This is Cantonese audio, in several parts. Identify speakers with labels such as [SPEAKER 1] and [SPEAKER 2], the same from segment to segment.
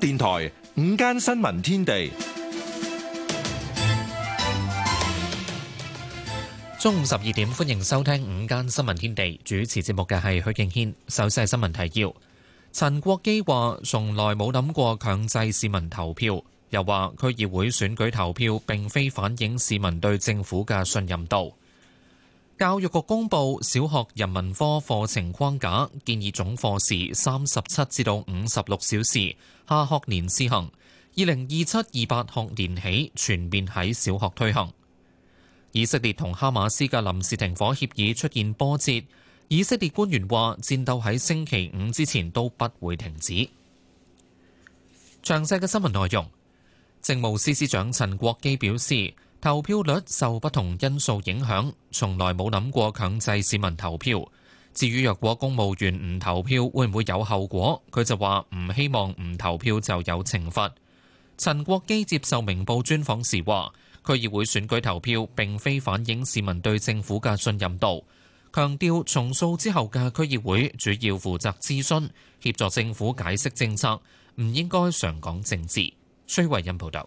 [SPEAKER 1] 電台午間新聞天地，
[SPEAKER 2] 中午十二點，歡迎收聽午間新聞天地。主持節目嘅係許敬軒，首先係新聞提要。陳國基話：從來冇諗過強制市民投票，又話區議會選舉投票並非反映市民對政府嘅信任度。教育局公布小學人文科課程框架，建議總課時三十七至到五十六小時，下學年施行，二零二七二八學年起全面喺小學推行。以色列同哈馬斯嘅臨時停火協議出現波折，以色列官員話戰鬥喺星期五之前都不會停止。詳細嘅新聞內容，政務司司長陳國基表示，.投票率受不同因素影響，從來冇諗過強制市民投票。至於若果公務員唔投票，會唔會有後果？佢就話唔希望唔投票就有懲罰，陳國基接受明報專訪時話區議會選舉投票並非反映市民對政府嘅信任度，強調重塑之後嘅區議會主要負責諮詢、協助政府解釋政策，唔應該常講政治。崔慧欣報道。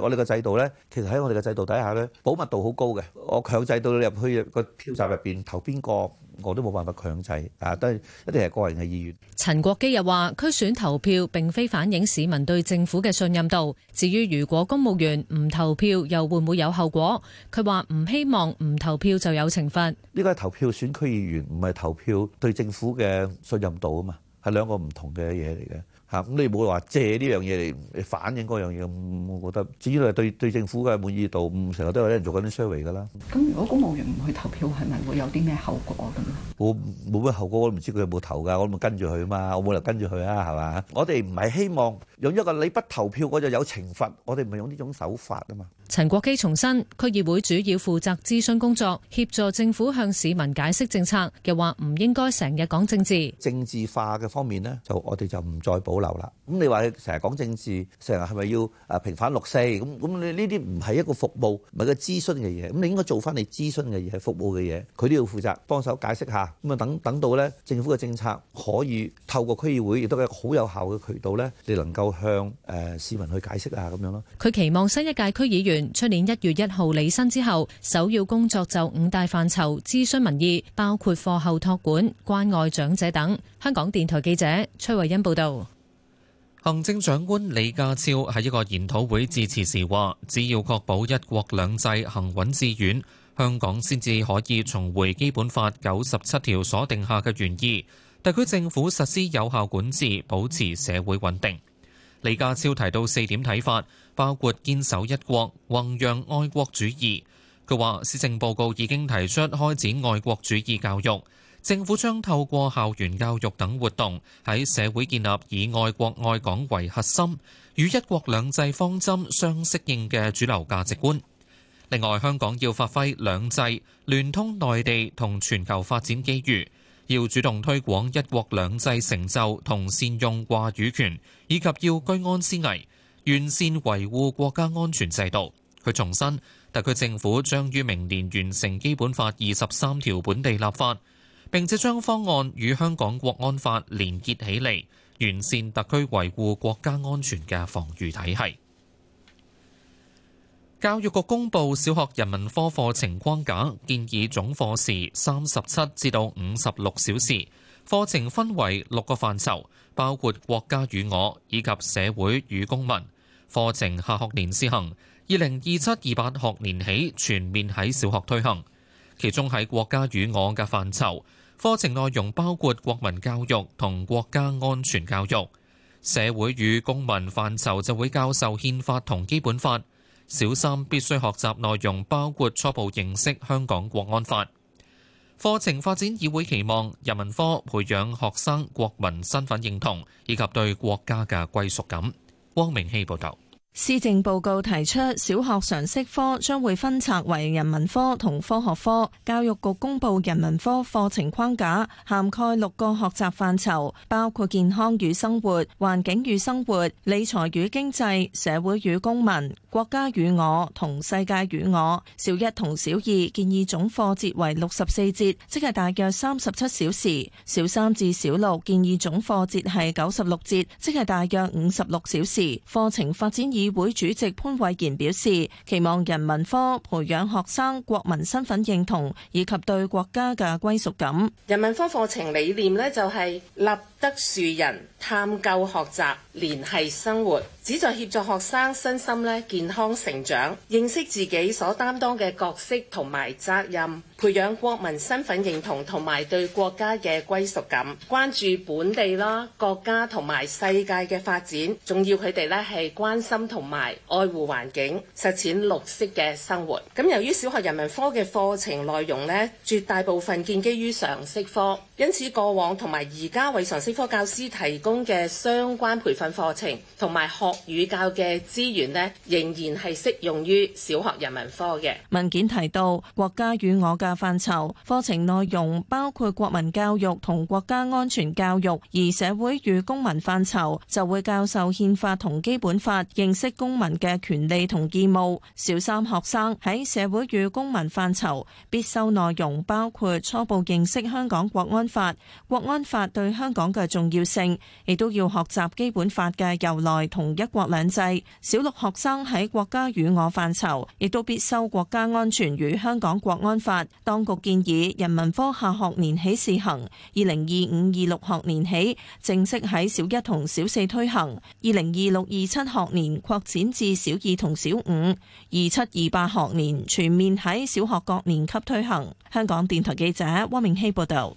[SPEAKER 3] 我哋個制度咧，其實喺我哋嘅制度底下咧，保密度好高嘅。我強制到你入去個票閘入邊投邊個，我都冇辦法強制。啊，都一定係個人嘅意願。
[SPEAKER 4] 陳國基又話：區選投票並非反映市民對政府嘅信任度。至於如果公務員唔投票，又會唔會有後果？佢話唔希望唔投票就有懲罰。
[SPEAKER 3] 呢個係投票選區議員，唔係投票對政府嘅信任度啊嘛，係兩個唔同嘅嘢嚟嘅。嚇咁、嗯、你冇話借呢樣嘢嚟反映嗰樣嘢，我覺得至於係對對政府嘅滿意度，嗯，成日都有啲人做緊啲 survey 㗎啦。咁如
[SPEAKER 5] 果
[SPEAKER 4] 公
[SPEAKER 3] 務員唔去投票，係咪會有啲咩後果咁啊？冇冇咩後果？我都唔知佢有冇投㗎，我咪跟住佢嘛，我冇理由跟住佢啊，係嘛？我哋唔係希望用一個你不投票我就有懲罰，我哋唔係用呢種手法啊嘛。
[SPEAKER 4] 陳國基重申，區議會主要負責諮詢工作，協助政府向市民解釋政策。又話唔應該成日講政治。政治化嘅方面呢，
[SPEAKER 3] 就我哋就唔再保留啦。咁你話佢成日講政治，成日係咪要啊平反六四？咁咁你呢啲唔係一個服務，唔係一個諮詢嘅嘢。咁你應該做翻你諮詢嘅嘢，係服務嘅嘢。佢都要負責幫手解釋下。咁啊，等等到咧，政府嘅政策可以透過區議會亦都係一個好有效嘅渠道咧，你能夠向誒市民去解釋下。咁樣咯。
[SPEAKER 4] 佢期望新一屆區議員，出年一月一號離任之後，首要工作就五大範疇諮詢民意，包括課後託管、關愛長者等。香港電台記者崔慧欣報道。
[SPEAKER 2] 行政長官李家超喺一個研討會致辭時話，只要確保一國兩制行穩致遠，香港先至可以重回基本法九十七條所定下嘅原意，特區政府實施有效管治，保持社會穩定。李家超提到四點睇法。包括堅守一國、弘揚愛國主義。佢話施政報告已經提出開展愛國主義教育，政府將透過校園教育等活動喺社會建立以愛國愛港為核心、與一國兩制方針相適應嘅主流價值觀。另外，香港要發揮兩制聯通內地同全球發展機遇，要主動推廣一國兩制成就同善用話語權，以及要居安思危。完善維護國家安全制度。佢重申，特區政府將於明年完成《基本法》二十三條本地立法，並且將方案與香港國安法連結起嚟，完善特區維護國家安全嘅防禦體系。教育局公布小學人文科課程框架，建議總課時三十七至到五十六小時，課程分為六個範疇，包括國家與我以及社會與公民。課程下學年施行，二零二七二八學年起全面喺小學推行。其中喺國家與我嘅範疇，課程內容包括國民教育同國家安全教育；社會與公民範疇就會教授憲法同基本法。小三必須學習內容包括初步認識香港國安法。課程發展議會期望人民科培養學生國民身份認同以及對國家嘅歸屬感。汪明希報導。
[SPEAKER 6] 施政報告提出，小學常識科將會分拆為人文科同科學科。教育局公布人文科課程框架，涵蓋六個學習範疇，包括健康與生活、環境與生活、理財與經濟、社會與公民、國家與我同世界與我。小一同小二建議總課節為六十四節，即係大約三十七小時；小三至小六建議總課節係九十六節，即係大約五十六小時。課程發展以議會主席潘偉賢表示，期望人民科培養學生國民身份認同以及對國家嘅歸屬感。
[SPEAKER 4] 人民科課程理念呢，就係立德樹人探究學習聯繫生活，旨在協助學生身心咧健康成長，認識自己所擔當嘅角色同埋責任，培養國民身份認同同埋對國家嘅歸屬感，關注本地啦、國家同埋世界嘅發展，仲要佢哋咧係關心同埋愛護環境，實踐綠色嘅生活。咁由於小學人文科嘅課程內容咧，絕大部分建基於常識科。因此，過往同埋而家為常識科教師提供嘅相關培訓課程同埋學與教嘅資源咧，仍然係適用於小學人文科嘅。
[SPEAKER 6] 文件提到，國家與我嘅範疇課程內容包括國民教育同國家安全教育，而社會與公民範疇就會教授憲法同基本法，認識公民嘅權利同義務。小三學生喺社會與公民範疇必修內容包括初步認識香港國安。法、國安法對香港嘅重要性，亦都要學習基本法嘅由來，同一國兩制。小六學生喺國家與我範疇，亦都必修國家安全與香港國安法。當局建議，人文科下學年起試行，二零二五二六學年起正式喺小一同小四推行，二零二六二七學年擴展至小二同小五，二七二八學年全面喺小學各年級推行。香港電台記者汪明希報道。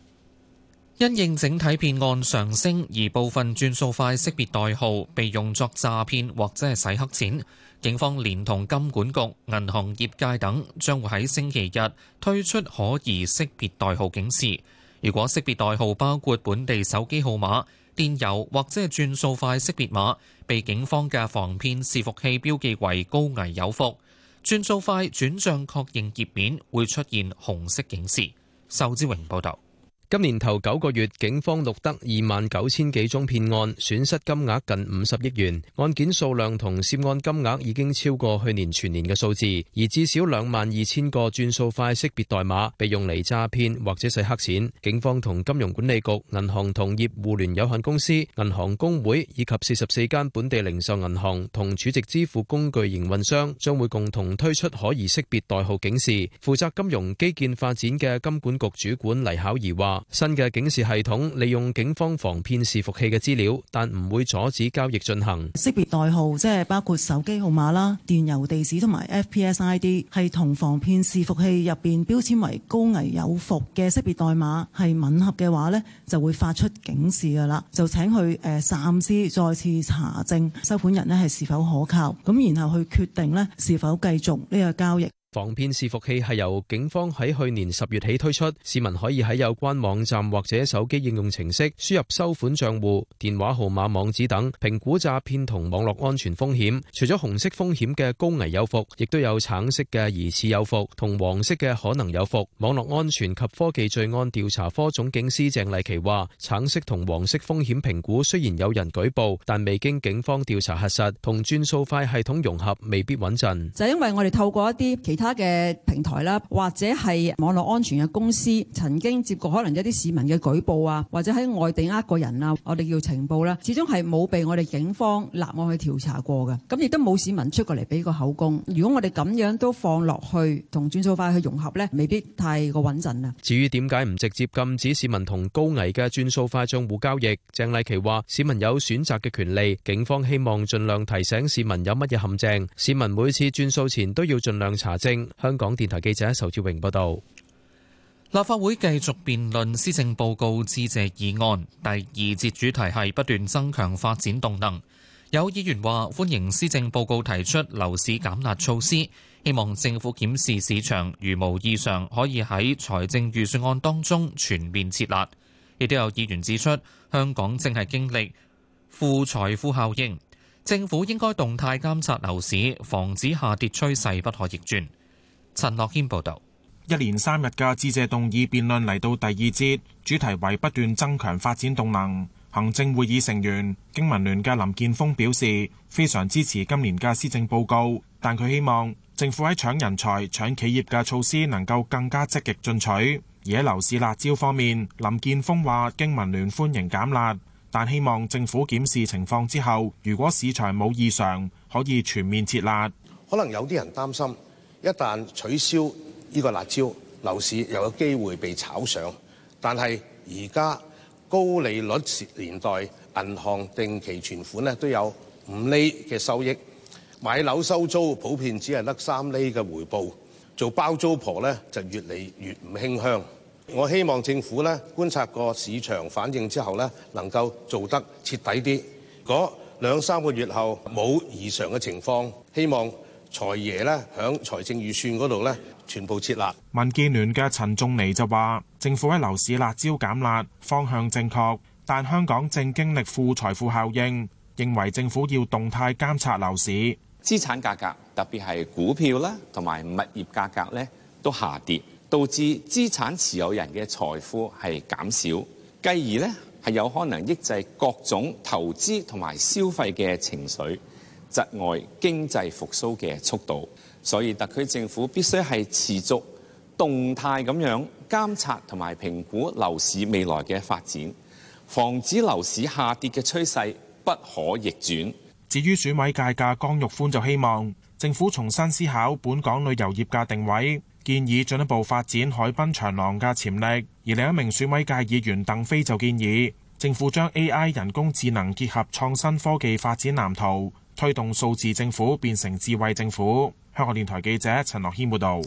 [SPEAKER 2] 因應整體騙案上升，而部分轉數快識別代號被用作詐騙或者係洗黑錢，警方連同金管局、銀行業界等，將會喺星期日推出可疑識別代號警示。如果識別代號包括本地手機號碼電郵或者係轉數快識別碼被警方嘅防騙伺服器標記為高危有伏，轉數快轉賬確認頁面會出現紅色警示。仇志榮報道。今年頭九個月，警方錄得二
[SPEAKER 7] 萬九千幾宗騙案，損失金額近五十億元，案件數量同涉案金額已經超過去年全年嘅數字。而至少兩萬二千個轉數快識別代碼被用嚟詐騙或者洗黑錢。警方同金融管理局、銀行同業互聯有限公司、銀行公會以及四十四間本地零售銀行同儲值支付工具營運商將會共同推出可疑識別代號警示。負責金融基建發展嘅金管局主管黎巧儀話。新嘅警示系統利用警方防騙伺服器嘅資料，但唔會阻止交易進行。
[SPEAKER 8] 識別代號即係包括手機號碼啦、電郵地址同埋 FPSID，係同防騙伺服器入邊標籤為高危有伏嘅識別代碼係吻合嘅話呢就會發出警示噶啦，就請佢誒，暫時再次查證收款人咧係是否可靠，咁然後去決定呢是否繼續呢個交易。
[SPEAKER 7] 防騙視伏器係由警方喺去年十月起推出，市民可以喺有關網站或者手機應用程式輸入收款帳戶、電話號碼、網址等，評估詐騙同網絡安全風險。除咗紅色風險嘅高危有伏，亦都有橙色嘅疑似有伏同黃色嘅可能有伏。網絡安全及科技罪案調查科總警司鄭麗琪話：橙色同黃色風險評估雖然有人舉報，但未經警方調查核實，同轉數快系統融合未必穩陣。
[SPEAKER 8] 就因為我哋透過一啲其他。其他嘅平台啦，或者係網絡安全嘅公司，曾經接過可能一啲市民嘅舉報啊，或者喺外地呃過人啊，我哋叫情報啦，始終係冇被我哋警方立案去調查過嘅，咁亦都冇市民出過嚟俾個口供。如果我哋咁樣都放落去同轉數快去融合咧，未必太過穩陣啊。
[SPEAKER 7] 至於點解唔直接禁止市民同高危嘅轉數快帳戶交易？鄭麗琪話：市民有選擇嘅權利，警方希望盡量提醒市民有乜嘢陷阱，市民每次轉數前都要盡量查證。香港電台記者仇志榮報道，
[SPEAKER 2] 立法會繼續辯論施政報告致謝議案，第二節主題係不斷增強發展動能。有議員話歡迎施政報告提出樓市減壓措施，希望政府檢視市場，如無異常，可以喺財政預算案當中全面設立。亦都有議員指出，香港正係經歷負財富效應，政府應該動態監察
[SPEAKER 1] 樓市，防止下跌趨勢不可逆轉。陳樂謙報道，一連三日嘅致謝動議辯論嚟到第二節，主題為不斷增強發展動能。行政會議成員經民聯嘅林建峰表示，非常支持今年嘅施政報告，但佢希望政府喺搶人才、搶企業嘅措施能夠更加積極進取。而喺樓市辣招方面，林建峰話經民聯歡迎減辣，但希望政府檢視情況之後，如果市場冇異常，可以全面撤辣。可能有啲人擔心。一旦取消呢個辣招，樓市又有機會被炒上。但係而家高利率年代，銀行定期存款咧都有五厘嘅收益，買樓收租普遍只係得三厘嘅回報，做包租婆咧就越嚟越唔輕香。我希望政府咧觀察個市場反應之後咧，能夠做得徹底啲。嗰兩三個月後冇異常嘅情況，希望。財爺咧，響財政預算嗰度咧，全部撤辣。民建聯嘅陳仲尼就話，政府喺樓市辣椒減辣方向正確，但香港正經歷負財富效應，認為政府要動態監察樓市。資產價格特別係股票啦，同埋物業價格咧都下跌，
[SPEAKER 2] 導致資產持有人嘅財富係減少，繼而呢，係有可能抑制各種投資同埋消費嘅情緒。窒外經濟復甦嘅速度，所以特區政府必須係持續動態咁樣監察同埋評估樓市未來嘅發展，防止
[SPEAKER 1] 樓市下跌嘅趨勢不可逆轉。至於選委界嘅，江玉歡就希望政府重新思考本港旅遊業嘅定位，建議進一步發展海濱長廊嘅潛力。而另一名選委界議員鄧飛就建議政府將 A.I. 人工智能結合創新科技發展藍圖。推動數字政府變成智慧政府。香港電台記者陳樂謙報道。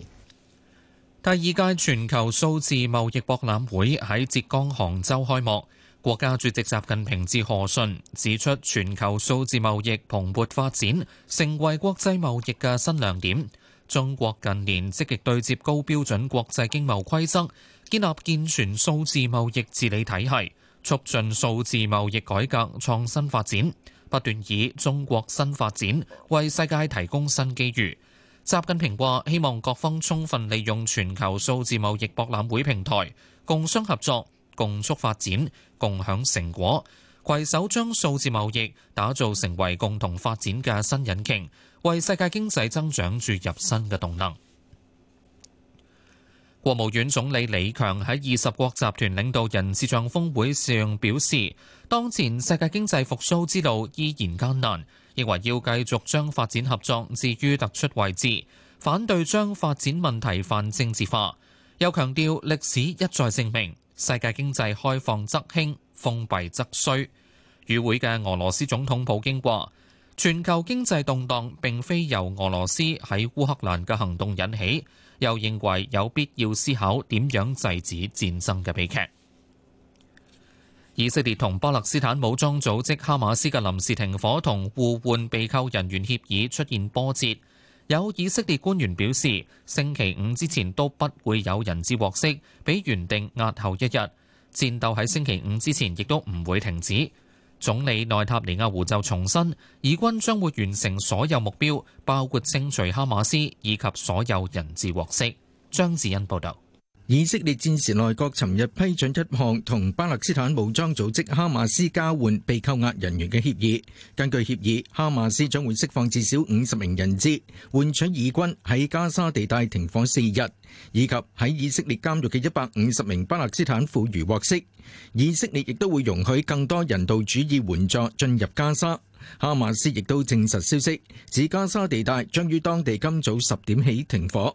[SPEAKER 1] 第二屆
[SPEAKER 2] 全球數字貿易博覽會喺浙江杭州開幕。國家主席習近平致賀信，指出全球數字貿易蓬勃發展，成為國際貿易嘅新亮點。中國近年積極對接高標準國際經貿規則，建立健全數字貿易治理體系，促進數字貿易改革創新發展。不斷以中國新發展，為世界提供新機遇。習近平話：希望各方充分利用全球數字貿易博覽會平台，共商合作、共促發展、共享成果，攜手將數字貿易打造成為共同發展嘅新引擎，為世界經濟增長注入新嘅動能。國務院總理李強喺二十國集團領導人視像峰會上表示，當前世界經濟復甦之路依然艱難，認為要繼續將發展合作置於突出位置，反對將發展問題泛政治化。又強調歷史一再證明，世界經濟開放則興，封閉則衰。與會嘅俄羅斯總統普京話，全球經濟動盪並非由俄羅斯喺烏克蘭嘅行動引起。又認為有必要思考點樣制止戰爭嘅悲劇。以色列同巴勒斯坦武裝組織哈馬斯嘅臨時停火同互換被扣人員協議出現波折。有以色列官員表示，星期五之前都不會有人質獲釋，比原定押後一日。戰鬥喺星期五之前亦都唔會停止。總理內塔尼亞胡就重申，以軍將會完成所有目標，包括清除哈馬斯以及所有人質獲釋。張智恩報導。
[SPEAKER 9] 以色列戰時內閣尋日批准一項同巴勒斯坦武裝組織哈馬斯交換被扣押人員嘅協議。根據協議，哈馬斯將會釋放至少五十名人質，換取以軍喺加沙地帶停火四日，以及喺以色列監獄嘅一百五十名巴勒斯坦婦孺獲釋。以色列亦都會容許更多人道主義援助進入加沙。哈馬斯亦都證實消息，指加沙地帶將於當地今早十點起停火。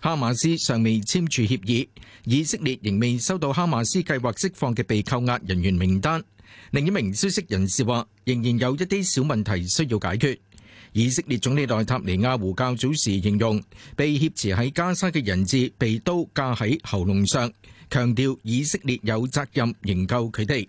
[SPEAKER 9] 哈馬斯尚未簽署協議，以色列仍未收到哈馬斯計劃釋放嘅被扣押人員名單。另一名消息人士話，仍然有一啲小問題需要解決。以色列總理內塔尼亞胡較早時形容，被挾持喺加沙嘅人質被刀架喺喉嚨上，強調以色列有責任營救佢哋。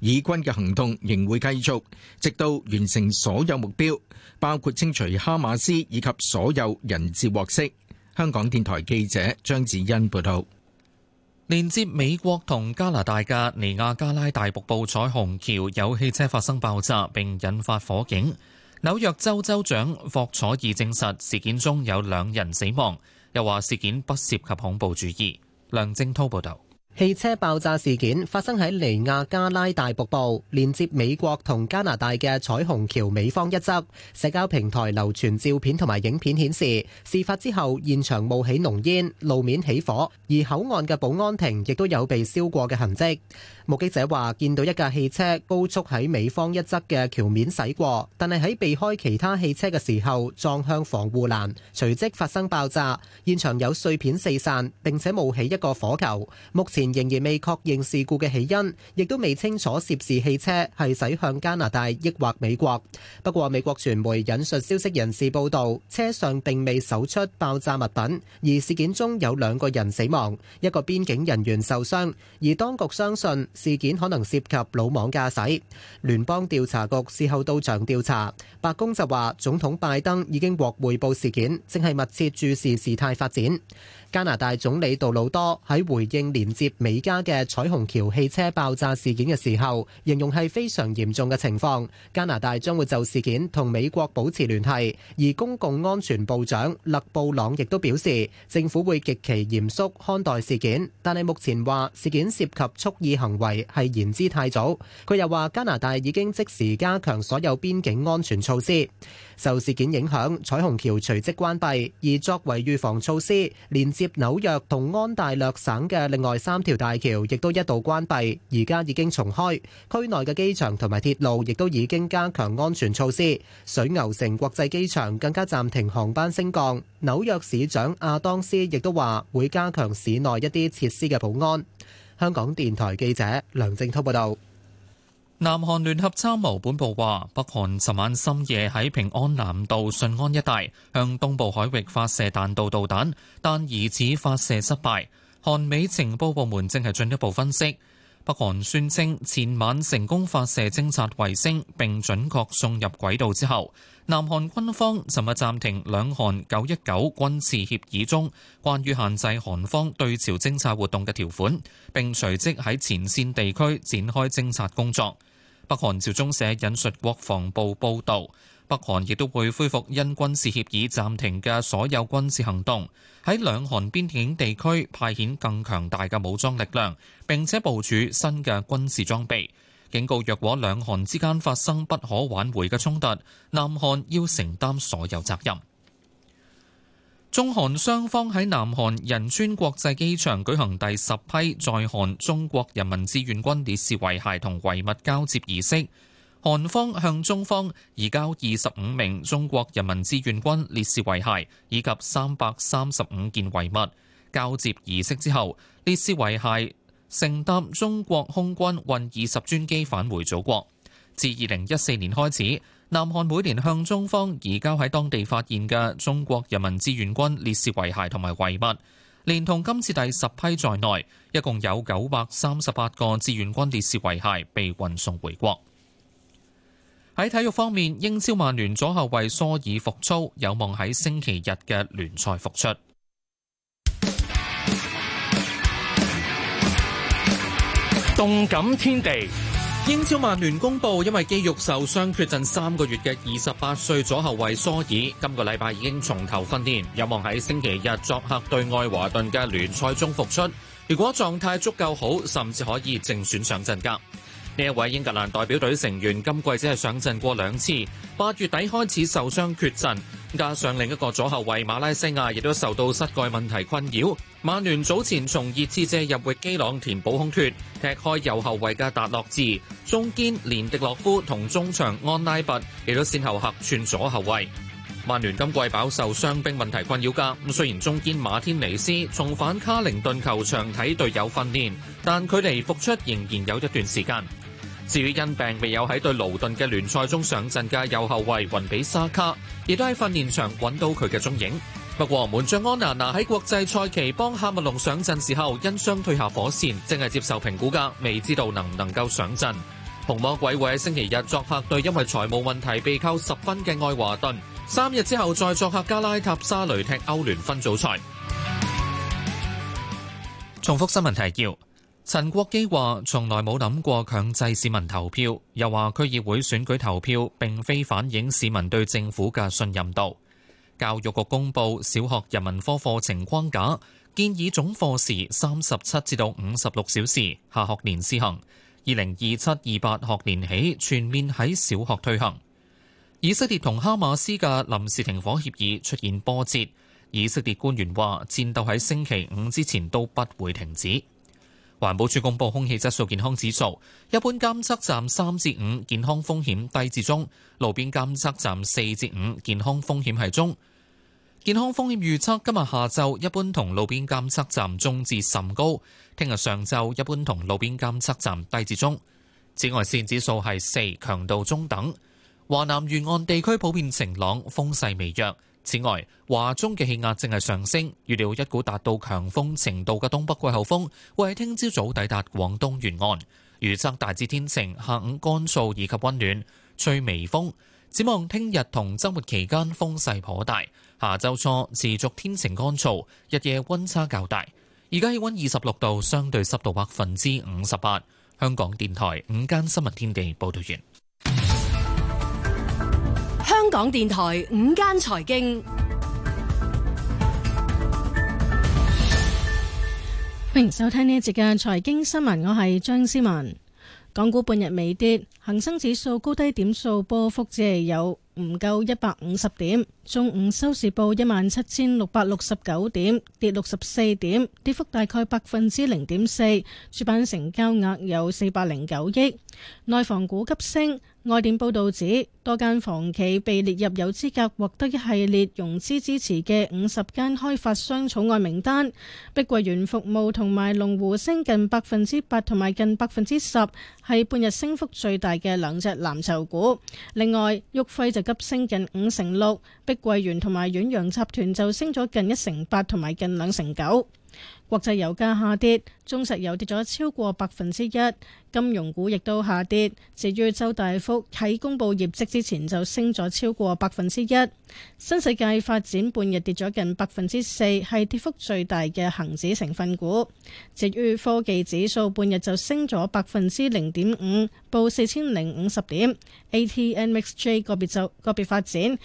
[SPEAKER 9] 以軍嘅行動仍會繼續，直到完成所有目標，包括清除哈馬斯以及所有
[SPEAKER 2] 人質獲釋。香港電台記者張子欣報導。連接美國同加拿大嘅尼亞加拉大瀑布彩虹橋有汽車發生爆炸並引發火警，紐約州州長霍楚爾證實事件中有兩人死亡，又話事件不涉及恐怖主義。梁正滔報導。
[SPEAKER 10] 汽車爆炸事件發生喺尼亞加拉大瀑布，連接美國同加拿大嘅彩虹橋美方一側。社交平台流傳照片同埋影片顯示，事發之後現場冒起濃煙，路面起火，而口岸嘅保安亭亦都有被燒過嘅痕跡。目擊者話，見到一架汽車高速喺美方一側嘅橋面駛過，但係喺避開其他汽車嘅時候撞向防護欄，隨即發生爆炸，現場有碎片四散，並且冒起一個火球。目前仍然未確認事故嘅起因，亦都未清楚涉事汽車係駛向加拿大抑或美國。不過美國傳媒引述消息人士報道，車上並未搜出爆炸物品，而事件中有兩個人死亡，一個邊境人員受傷，而當局相信事件可能涉及魯莽駕駛。聯邦調查局事後到場調查，白宮就話，總統拜登已經獲匯報事件，正係密切注視事態發展。加拿大總理杜魯多喺回應連接美加嘅彩虹橋汽車爆炸事件嘅時候，形容係非常嚴重嘅情況。加拿大將會就事件同美國保持聯繫，而公共安全部長勒布朗亦都表示，政府會極其嚴肅看待事件，但係目前話事件涉及蓄意行為係言之太早。佢又話加拿大已經即時加強所有邊境安全措施。受事件影響，彩虹橋隨即關閉，而作為預防措施，連接紐約同安大略省嘅另外三條大橋亦都一度關閉，而家已經重開。區內嘅機場同埋鐵路亦都已經加強安全措施。水牛城國際機場更加暫停航班升降。紐約市長亞當斯亦都話會加強市內一啲設施嘅保安。香港電台記者梁正濤報道。
[SPEAKER 2] 南韓聯合參謀本部話，北韓尋晚深夜喺平安南道順安一帶向東部海域發射彈道導彈，但疑似發射失敗。韓美情報部門正係進一步分析。北韓宣稱前晚成功發射偵察衛星並準確送入軌道之後，南韓軍方尋日暫停兩韓九一九軍事協議中關於限制韓方對朝偵察活動嘅條款，並隨即喺前線地區展開偵察工作。北韓朝中社引述國防部報導，北韓亦都會恢復因軍事協議暫停嘅所有軍事行動，喺兩韓邊境地區派遣更強大嘅武裝力量，並且部署新嘅軍事裝備，警告若果兩韓之間發生不可挽回嘅衝突，南韓要承擔所有責任。中韓雙方喺南韓仁川國際機場舉行第十批在韓中國人民志願軍烈士遺骸同遺物交接儀式，韓方向中方移交二十五名中國人民志願軍烈士遺骸以及三百三十五件遺物。交接儀式之後，烈士遺骸乘搭中國空軍運二十專機返回祖國。自二零一四年開始，南韓每年向中方移交喺當地發現嘅中國人民志願軍烈士遺骸同埋遺物，連同今次第十批在內，一共有九百三十八個志願軍烈士遺骸被運送回國。喺體育方面，英超曼聯左後衛蘇爾复蘇，有望喺星期日嘅聯賽复出。動感天地。英超曼聯公布，因為肌肉受傷缺陣三個月嘅二十八歲左後衛梭爾，今個禮拜已經從頭訓練，有望喺星期日作客對愛華頓嘅聯賽中複出。如果狀態足夠好，甚至可以正選上陣㗎。呢一位英格蘭代表隊成員今季只係上陣過兩次，八月底開始受傷缺陣。加上另一個左後衛馬拉西亞，亦都受到膝蓋問題困擾。曼聯早前從熱刺借入域基朗填補空缺，踢開右後衛嘅達洛治，中堅連迪洛夫同中場安拉拔亦都先後客串左後衛。曼聯今季飽受傷兵問題困擾㗎。咁雖然中堅馬天尼斯重返卡靈頓球場睇隊友訓練，但距離復出仍然有一段時間。至於因病未有喺對勞頓嘅聯賽中上陣嘅右後衛雲比沙卡，亦都喺訓練場揾到佢嘅蹤影。不過門將安娜娜喺國際賽期幫喀麥隆上陣時候因傷退下火線，正係接受評估噶，未知道能唔能夠上陣。紅魔鬼會星期日作客對因為財務問題被扣十分嘅愛華頓，三日之後再作客加拉塔沙雷踢歐聯分組賽。重複新聞提要。陳國基話，從來冇諗過強制市民投票。又話區議會選舉投票並非反映市民對政府嘅信任度。教育局公布小學人文科課程框架，建議總課時三十七至到五十六小時，下學年施行。二零二七二八學年起全面喺小學推行。以色列同哈馬斯嘅臨時停火協議出現波折，以色列官員話戰鬥喺星期五之前都不會停止。環保署公布空氣質素健康指數，一般監測站三至五，健康風險低至中；路邊監測站四至五，健康風險係中。健康風險預測今日下晝一般同路邊監測站中至甚高，聽日上晝一般同路邊監測站低至中。紫外線指數係四，強度中等。華南沿岸地區普遍晴朗，風勢微弱。此外，華中嘅氣壓正係上升，預料一股達到強風程度嘅東北季候風會喺聽朝早抵達廣東沿岸。預測大致天晴，下午乾燥以及溫暖，吹微風。展望聽日同周末期間風勢頗大，下週初持續天晴乾燥，日夜溫差較大。而家氣溫二十六度，相對濕度百分之五十八。香港電台午間新聞天地報道完。
[SPEAKER 5] 香港電台午間財經，歡迎收聽呢一節嘅財經新聞。我係張思文。港股半日微跌，恒生指數高低點數波幅只係有唔夠一百五十點。中午收市報一萬七千六百六十九點，跌六十四點，跌幅大概百分之零點四。主板成交額有四百零九億。內房股急升。外電報道指，多間房企被列入有資格獲得一系列融資支持嘅五十間開發商草案名單。碧桂園服務同埋龍湖升近百分之八，同埋近百分之十，係半日升幅最大嘅兩隻藍籌股。另外，旭輝就急升近五成六，碧桂園同埋遠洋集團就升咗近一成八，同埋近兩成九。國際油價下跌，中石油跌咗超過百分之一，金融股亦都下跌。至於周大福喺公布業績之前就升咗超過百分之一。新世界發展半日跌咗近百分之四，係跌幅最大嘅恒指成分股。至於科技指數半日就升咗百分之零點五，報四千零五十點。ATMXJ 個別就個別發展，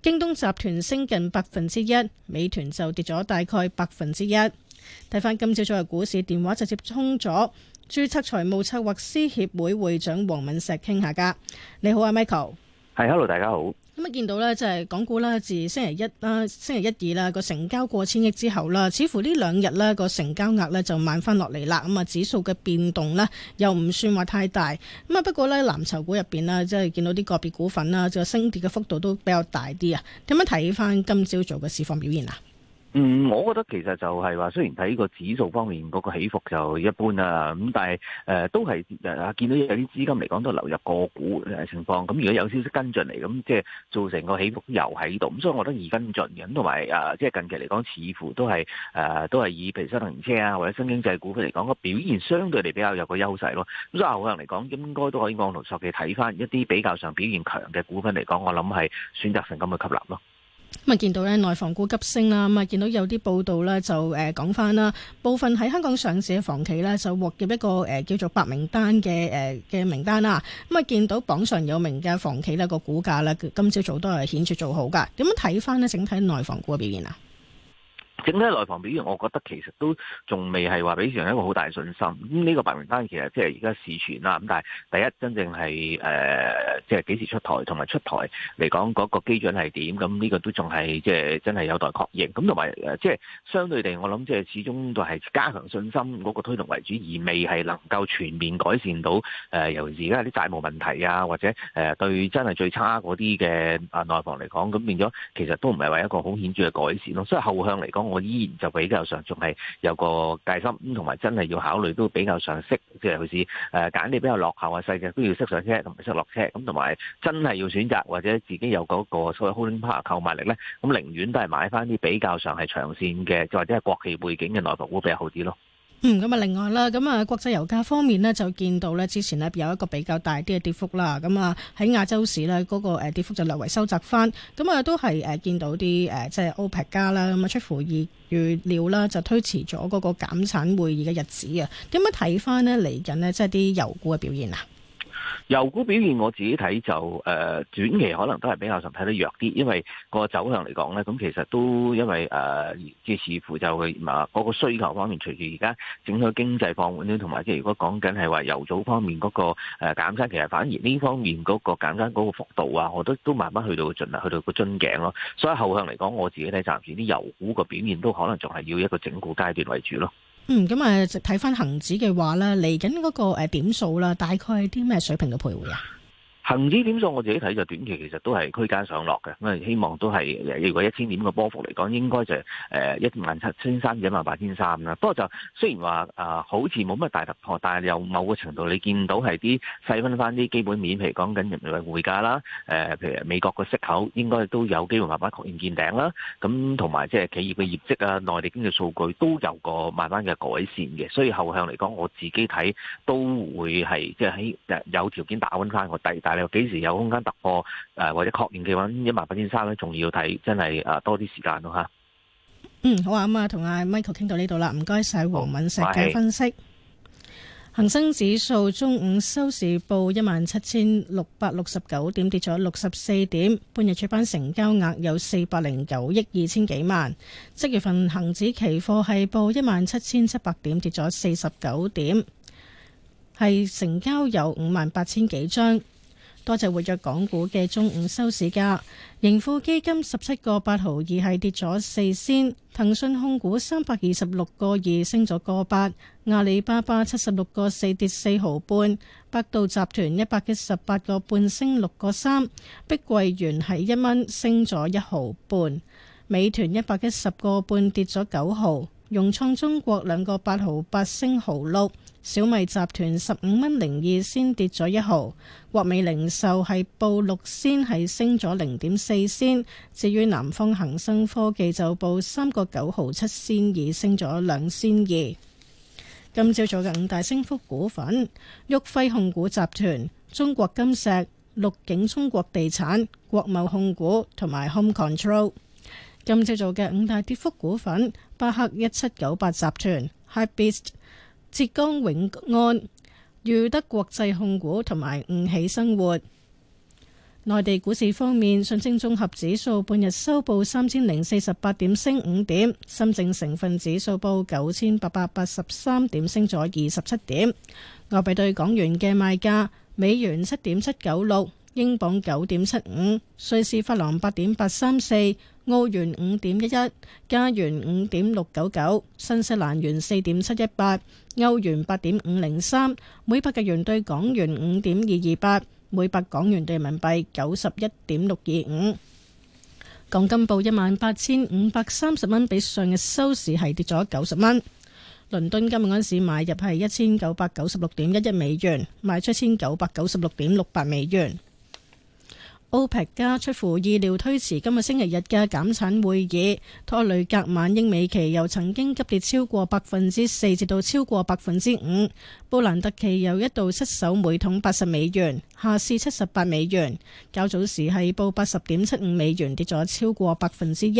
[SPEAKER 5] 京東集團升近百分之一，美團就跌咗大概百分之一。睇翻今朝早嘅股市電話，直接通咗注冊財務策劃師協會會長黃敏石傾下噶。你好啊，Michael。
[SPEAKER 11] 係，hello， 大家好。
[SPEAKER 5] 咁啊，見到呢，即、就、係、是、港股啦，自星期一啦、啊、星期一二啦，個成交過千億之後啦，似乎呢兩日呢個成交額呢就慢翻落嚟啦。咁啊，指數嘅變動呢又唔算話太大。咁啊，不過呢，藍籌股入邊呢，即係見到啲個別股份啦，就升跌嘅幅度都比較大啲啊。點樣睇翻今朝早嘅市況表現啊？
[SPEAKER 11] 嗯，我覺得其實就係話，雖然睇個指數方面嗰個起伏就一般啦、啊，咁但係誒、呃、都係啊、呃，見到有啲資金嚟講都流入個股情況。咁如果有消息跟進嚟，咁即係造成個起伏又喺度。咁所以我覺得易跟進嘅，同埋誒即係近期嚟講，似乎都係誒、呃、都係以譬如新能源車啊，或者新經濟股份嚟講個表現相對嚟比較有個優勢咯、啊。咁所以可能嚟講，應該都可以按圖索驥睇翻一啲比較上表現強嘅股份嚟講，我諗係選擇性咁嘅吸納咯、啊。
[SPEAKER 5] 咁啊，見到咧內房股急升啦，咁啊，見到有啲報道咧就誒講翻啦，部分喺香港上市嘅房企咧就獲入一個誒叫做白名單嘅誒嘅名單啦。咁啊，見到榜上有名嘅房企呢個股價咧今朝早都係顯著做好㗎。點樣睇翻呢？整體內房股嘅表現啊？
[SPEAKER 11] 整體內房表現，我覺得其實都仲未係話俾上一個好大信心。咁呢個白名單其實即係而家市傳啦。咁但係第一真正係誒，即係幾時出台同埋出台嚟講嗰個基準係點？咁呢個都仲係即係真係有待確認。咁同埋誒，即係相對地，我諗即係始終都係加強信心嗰個推動為主，而未係能夠全面改善到誒尤其是而家啲債務問題啊，或者誒對真係最差嗰啲嘅啊內房嚟講，咁變咗其實都唔係話一個好顯著嘅改善咯。所以後向嚟講，我依然就比較上仲係有個戒心，咁同埋真係要考慮都比較上識即係好似誒揀啲比較落後嘅細嘅都要識上車同埋識落車，咁同埋真係要選擇或者自己有嗰個所謂 holding power 購買力咧，咁寧願都係買翻啲比較上係長線嘅，或者係國企背景嘅內房股比較好啲咯。
[SPEAKER 5] 嗯，咁啊，另外啦，咁啊，國際油價方面咧，就見到咧，之前咧有一個比較大啲嘅跌幅啦。咁啊，喺亞洲市呢嗰個跌幅就略為收窄翻。咁啊，都係誒見到啲誒、呃、即係 OPEC 加啦，咁啊出乎意預料啦，就推遲咗嗰個減產會議嘅日子啊。點樣睇翻呢？嚟緊呢，即係啲油股嘅表現啊？
[SPEAKER 11] 油股表現我自己睇就誒短、呃、期可能都係比較上睇得弱啲，因為個走向嚟講咧，咁其實都因為即係、呃、似乎就啊嗰個需求方面隨住而家整個經濟放緩咧，同埋即係如果講緊係話油組方面嗰個誒減薪，其實反而呢方面嗰個減薪嗰個幅度啊，我都都慢慢去到盡量去到個樽頸咯。所以後向嚟講，我自己睇暫時啲油股個表現都可能仲係要一個整固階段為主咯。
[SPEAKER 5] 嗯，咁啊，睇翻恒指嘅話咧，嚟緊嗰個誒點數啦，大概係啲咩水平嘅徘徊啊？
[SPEAKER 11] 恒指點數我自己睇就短期其實都係區間上落嘅，咁希望都係誒，如果一千點嘅波幅嚟講，應該就係誒一萬七千三至一萬八千三啦。不過就雖然話啊、呃，好似冇乜大突破，但係有某個程度你見到係啲細分翻啲基本面，譬如講緊人民幣嘅匯價啦，誒、呃，譬如美國嘅息口應該都有機會慢慢確認見頂啦。咁同埋即係企業嘅業績啊，內地經濟數據都有個慢慢嘅改善嘅，所以後向嚟講，我自己睇都會係即係喺有條件打穩翻個底，但又幾時有空間突破？誒、呃，或者確認嘅話，一萬八千三呢，仲要睇真係誒多啲時間咯。吓、嗯，
[SPEAKER 5] 嗯好啊，咁啊，同阿 Michael 傾到呢度啦，唔該晒黃敏石嘅分析。恒生指數中午收市報一萬七千六百六十九點，跌咗六十四點。半日主板成交額有四百零九億二千幾萬。即月份恒指期貨係報一萬七千七百點，跌咗四十九點，係成交有五萬八千幾張。多隻活躍港股嘅中午收市價，盈富基金十七個八毫二係跌咗四仙，騰訊控股三百二十六個二升咗個八，阿里巴巴七十六個四跌四毫半，百度集團一百一十八個半升六個三，碧桂園係一蚊升咗一毫半，美團一百一十個半跌咗九毫，融創中國兩個八毫八升毫六。小米集團十五蚊零二先跌咗一毫，國美零售係報六仙，係升咗零點四仙。至於南方恒生科技就報三個九毫七仙，已升咗兩仙二。今朝早嘅五大升幅股份：旭輝控股集團、中國金石、綠景中國地產、國貿控股同埋 Home Control。今朝早嘅五大跌幅股份：巴克一七九八集團、High Beast。浙江永安、裕德國際控股同埋五喜生活。內地股市方面，上證綜合指數半日收報三千零四十八點，升五點；深證成分指數報九千八百八十三點，升咗二十七點。外幣對港元嘅賣價，美元七點七九六。英鎊九點七五，瑞士法郎八點八三四，澳元五點一一，加元五點六九九，新西蘭元四點七一八，歐元八點五零三，每百日元兌港元五點二二八，每百港元兌人民幣九十一點六二五。港金報一萬八千五百三十蚊，比上日收市係跌咗九十蚊。倫敦金市買入係一千九百九十六點一一美元，賣出千九百九十六點六八美元。歐佩克加出乎意料推遲今日星期日嘅減產會議,拖累隔晚英美期油曾經急跌超過百分之四至到超過百分之五,布蘭特期油一度失守每桶八十美元,下試七十八美元,較早時係報八十點七五美元跌咗超過百分之一。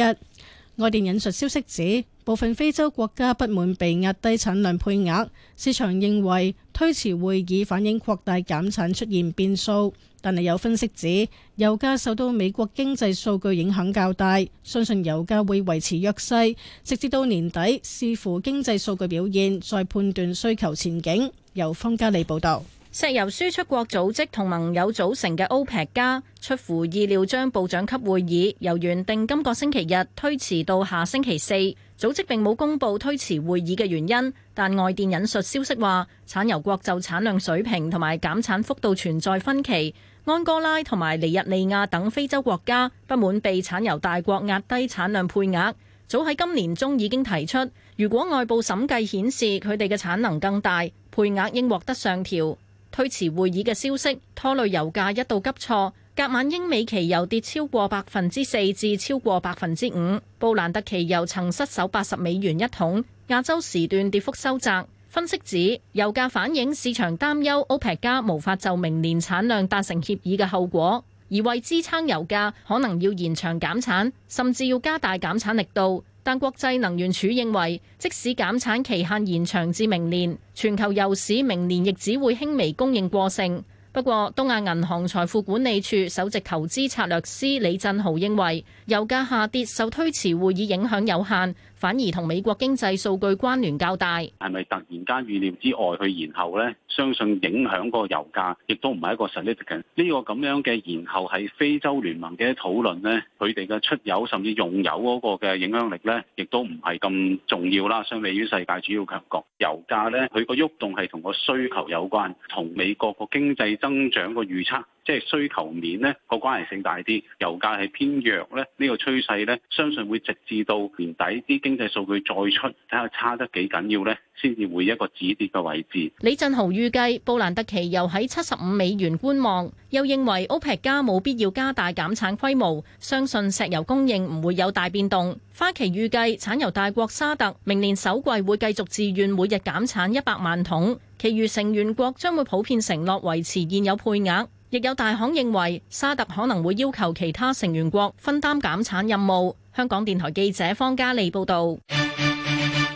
[SPEAKER 5] 外電引述消息指,部分非洲國家不滿被壓低產量配額,市場認為推遲會議反映擴大減產出現變數。但係有分析指，油價受到美國經濟數據影響較大，相信油價會維持弱勢，直至到年底，視乎經濟數據表現再判斷需求前景。由方嘉利報道，石油輸出國組織同盟友組成嘅 OPEC 加
[SPEAKER 8] 出乎意料將部長級會議由原定今個星期日推遲到下星期四。組織並冇公布推遲會議嘅原因，但外電引述消息話產油國就產量水平同埋減產幅度存在分歧。安哥拉同埋尼日利亞等非洲國家不滿被產油大國壓低產量配額，早喺今年中已經提出，如果外部審計顯示佢哋嘅產能更大，配額應獲得上調。推遲會議嘅消息拖累油價一度急挫，隔晚英美期油跌超過百分之四至超過百分之五，布蘭特期油曾失守八十美元一桶，亞洲時段跌幅收窄。分析指，油價反映市場擔憂 OPEC 加無法就明年產量達成協議嘅後果，而為支撐油價，可能要延長減產，甚至要加大減產力度。但國際能源署認為，即使減產期限延長至明年，全球油市明年亦只會輕微供應過剩。不過，東亞銀行財富管理處首席投資策略師李振豪認為，油價下跌受推遲會議影響有限。反而同美國經濟數據關聯較大，係
[SPEAKER 1] 咪突然間預料之外去延後咧？相信影響個油價亦都唔係一個實力。呢個咁樣嘅延後係非洲聯盟嘅討論咧，佢哋嘅出油甚至用油嗰個嘅影響力咧，亦都唔係咁重要啦。相比於世界主要強國，油價咧佢個喐動係同個需求有關，同美國個經濟增長個預測。即係需求面咧個關係性大啲，油價係偏弱咧。呢個趨勢咧，相信會直至到年底啲經濟數據再出，睇下差得幾緊要呢先至會一個止跌嘅位置。
[SPEAKER 8] 李振豪預計布蘭特期油喺七十五美元觀望，又認為 OPEC 加冇必要加大減產規模，相信石油供應唔會有大變動。花旗預計產油大國沙特明年首季會繼續自願每日減產一百萬桶，其餘成員國將會普遍承諾維持現有配額。亦有大行認為，沙特可能會要求其他成員國分擔減產任務。香港電台記者方嘉莉
[SPEAKER 4] 報道。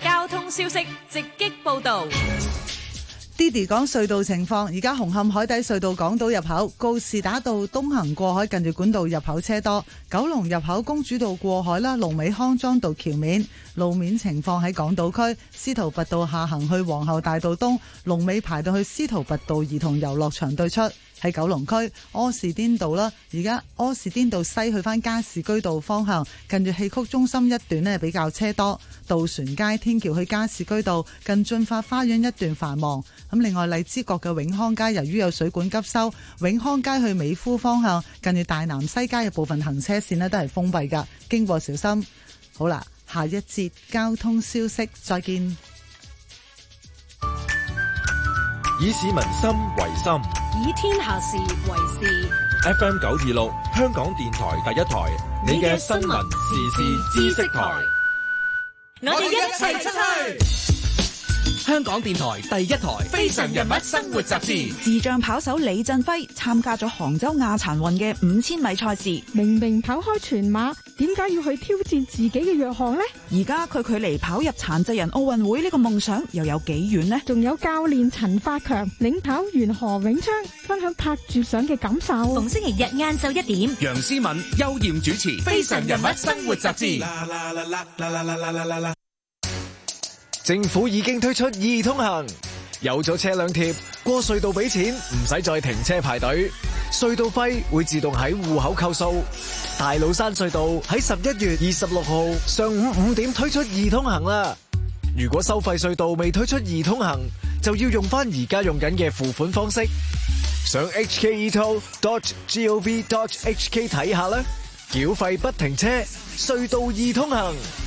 [SPEAKER 4] 交通消息直擊報道。睇睇啲講隧道情況，而家紅磡海底隧道港島入口告士打道東行過海，近住管道入口車多；九龍入口公主道過海啦，龍尾康莊道橋面路面情況喺港島區，司徒拔道下行去皇后大道東龍尾排到去司徒拔道兒童遊樂場對出。喺九龍區柯士甸道啦，而家柯士甸道西去翻加士居道方向，近住戲曲中心一段呢，比較車多，渡船街天橋去加士居道近駿發花園一段繁忙。咁另外荔枝角嘅永康街，由於有水管急修，永康街去美孚方向近住大南西街嘅部分行車線呢，都係封閉噶，經過小心。好啦，下一節交通消息再見。
[SPEAKER 3] 以市民心為心。
[SPEAKER 4] 以天下事為事。
[SPEAKER 3] FM 九二六，香港電台第一台，你嘅新聞時事知識台。
[SPEAKER 4] 我哋一齊出去。
[SPEAKER 8] 香港電台第一台《非常人物生活雜誌》，
[SPEAKER 6] 智障跑手李振輝參加咗杭州亞殘運嘅五千米賽事，明明跑開全馬，點解要去挑戰自己嘅弱項呢？而家佢距離跑入殘疾人奧運會呢個夢想又有幾遠呢？仲有教練陳發強、領跑員何永昌分享拍住上嘅感受。逢星期日晏晝一點，
[SPEAKER 1] 楊思敏、邱艷主持《非常人物生活雜誌》。
[SPEAKER 9] 政府已經推出易通行，有咗車輛貼過隧道俾錢，唔使再停車排隊，隧道費會自動喺戶口扣數。大老山隧道喺十一月二十六號上午五點推出易通行啦。如果收費隧道未推出易通行，就要用返而家用緊嘅付款方式。上 hketo.gov.hk 睇下啦，繳費不停車，隧道易通行。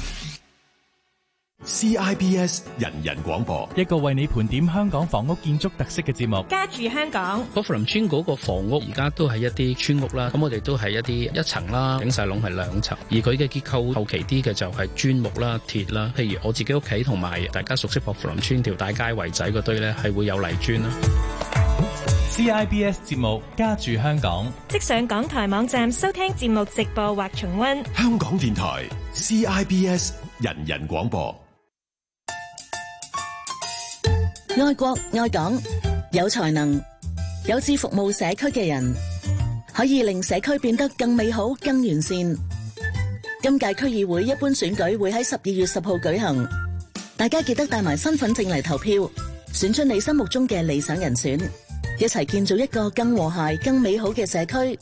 [SPEAKER 2] CIBS 人人廣
[SPEAKER 1] 播，一個為你盤點香港房屋
[SPEAKER 2] 建築特色嘅節目。家
[SPEAKER 4] 住香港，
[SPEAKER 2] 薄扶林村嗰個房屋而家都係一啲村屋啦，咁我哋都係一啲一層啦，頂晒攏係兩層，而佢嘅結構後期啲嘅就係磚木啦、鐵啦，譬如我自己屋企同埋大家熟悉薄扶林村條大街圍仔嗰堆咧，係會有泥
[SPEAKER 3] 磚啦。CIBS 節目，家住香港，
[SPEAKER 4] 即上港台網站收聽節目直播或重温。香港電台 CIBS 人
[SPEAKER 1] 人人廣播。
[SPEAKER 4] 愛國愛港，
[SPEAKER 8] 有才能、有志服務社區嘅人，可以令社區變得更美好、更完善。今屆區議會一般選舉會喺十二月十號舉行，大家記得帶埋身份證嚟投票，選出你心目中嘅理想人選，一齊建造一個更和諧、更美好嘅社區。